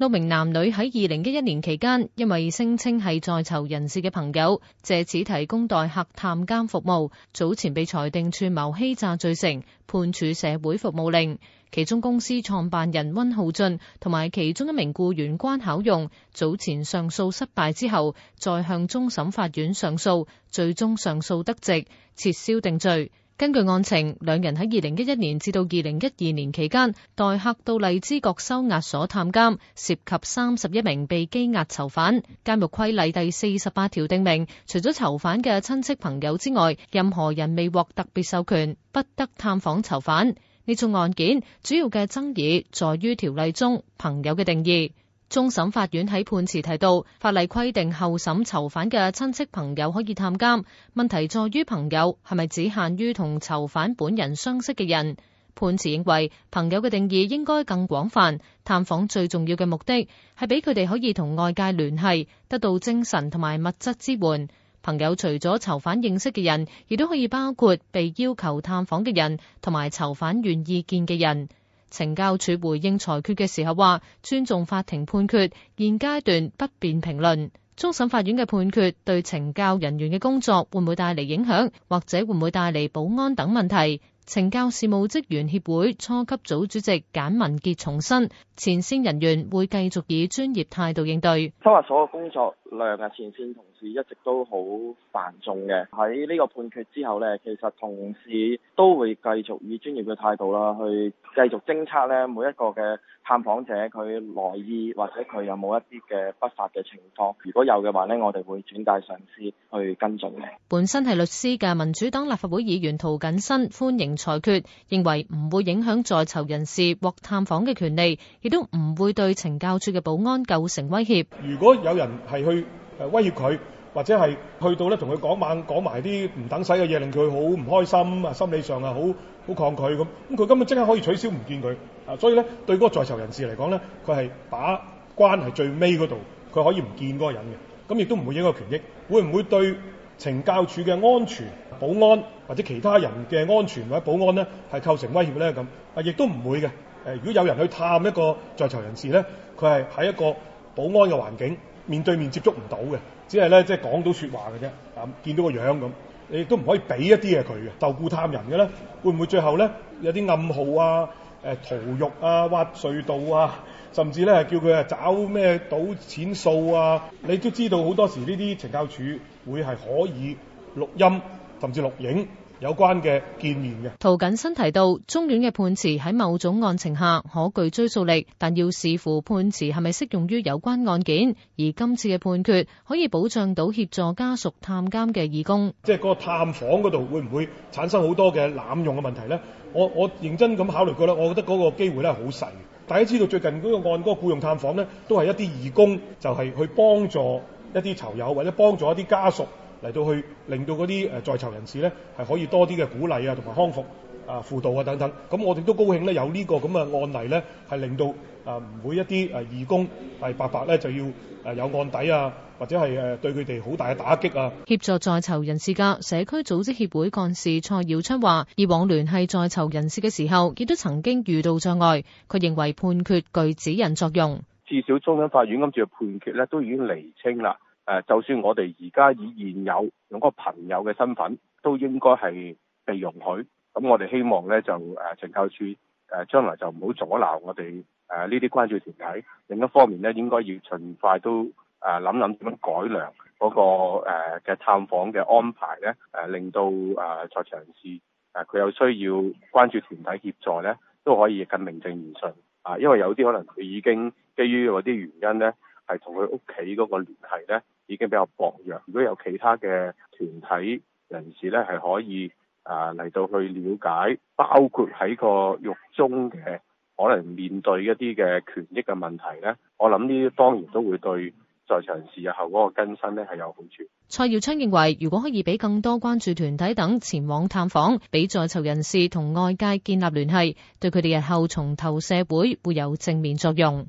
六名男女喺二零一一年期間，因為聲稱係在囚人士嘅朋友，借此提供代客探監服務，早前被裁定串謀欺詐罪成，判處社會服務令。其中公司創辦人温浩進同埋其中一名僱員關巧用，早前上訴失敗之後，再向終審法院上訴，最終上訴得直，撤銷定罪。根據案情，兩人喺二零一一年至到二零一二年期間，代客到荔枝角收押所探監，涉及三十一名被羈押囚犯。監獄規例第四十八條定明：除咗囚犯嘅親戚朋友之外，任何人未獲特別授權，不得探訪囚犯。呢宗案件主要嘅爭議在於條例中朋友嘅定義。終審法院喺判詞提到，法例規定候審囚犯嘅親戚朋友可以探監，問題在於朋友係咪只限於同囚犯本人相識嘅人？判詞認為朋友嘅定義應該更廣泛，探訪最重要嘅目的係俾佢哋可以同外界聯繫，得到精神同埋物質支援。朋友除咗囚犯認識嘅人，亦都可以包括被要求探訪嘅人同埋囚犯願意見嘅人。懲教署回應裁決嘅時候話，尊重法庭判決，現階段不便評論。終審法院嘅判決對懲教人員嘅工作會唔會帶嚟影響，或者會唔會帶嚟保安等問題？懲教事務職員協會初級組主席簡文杰重申，前線人員會繼續以專業態度應對。收押所嘅工作。量啊！前線同事一直都好繁重嘅，喺呢個判決之後咧，其實同事都會繼續以專業嘅態度啦，去繼續偵測咧每一個嘅探訪者佢來意或者佢有冇一啲嘅不法嘅情況，如果有嘅話咧，我哋會轉介上司去跟進嘅。本身係律師嘅民主黨立法會議員涂謹申歡迎裁決，認為唔會影響在囚人士獲探訪嘅權利，亦都唔會對懲教處嘅保安構成威脅，如果有人係去誒威脅佢，或者係去到咧，同佢講埋講埋啲唔等使嘅嘢，令佢好唔開心啊，心理上啊好好抗拒咁。咁佢今日即刻可以取消唔見佢啊，所以咧對嗰個在囚人士嚟講咧，佢係把關係最尾嗰度，佢可以唔見嗰個人嘅，咁亦都唔會影響佢權益。會唔會對懲教署嘅安全保安或者其他人嘅安全或者保安咧係構成威脅咧？咁啊，亦都唔會嘅。誒，如果有人去探一個在囚人士咧，佢係喺一個保安嘅環境，面對面接觸唔到嘅，只係咧即係講到說話嘅啫，啊見到個樣咁，你都唔可以俾一啲嘢佢嘅。就顧探人嘅咧，會唔會最後咧有啲暗號啊、屠肉啊、挖隧道啊，甚至咧叫佢啊找咩賭錢數啊？你都知道好多時呢啲懲教署會係可以錄音甚至錄影。有關嘅見面嘅。陶瑾新提到，終院嘅判詞喺某種案情下可具追溯力，但要視乎判詞係咪適用於有關案件。而今次嘅判決可以保障到協助家屬探監嘅義工。即係嗰個探訪嗰度會唔會產生好多嘅濫用嘅問題咧？我我認真咁考慮過啦，我覺得嗰個機會咧係好細。大家知道最近嗰個案嗰個僱用探訪咧，都係一啲義工就係去幫助一啲囚友或者幫助一啲家屬。嚟到去令到嗰啲誒在囚人士咧係可以多啲嘅鼓勵啊，同埋康復啊、輔導啊等等。咁我哋都高興咧，有呢個咁嘅案例咧，係令到啊唔會一啲誒義工係白白咧就要誒有案底啊，或者係誒對佢哋好大嘅打擊啊。協助在囚人士噶社區組織協會幹事蔡耀春話：以往聯繫在囚人士嘅時候，亦都曾經遇到障礙，佢認為判決具指引作用。至少終審法院今次嘅判決咧，都已經釐清啦。誒、呃，就算我哋而家以現有用個朋友嘅身份，都應該係被容許。咁我哋希望咧就誒、呃，懲教署誒、呃、將來就唔好阻撓我哋誒呢啲關注團體。另一方面咧，應該要盡快都誒諗諗點樣改良嗰、那個嘅、呃、探訪嘅安排咧、呃，令到誒在囚人士誒佢有需要關注團體協助咧，都可以更名正言順啊、呃。因為有啲可能佢已經基於嗰啲原因咧。係同佢屋企嗰個聯繫咧，已經比較薄弱。如果有其他嘅團體人士呢，係可以啊嚟到了去了解，包括喺個獄中嘅可能面對一啲嘅權益嘅問題呢。我諗呢當然都會對在場人士日後嗰個更新呢係有好處。蔡耀昌認為，如果可以俾更多關注團體等前往探訪，俾在囚人士同外界建立聯繫，對佢哋日後重投社會，會會有正面作用。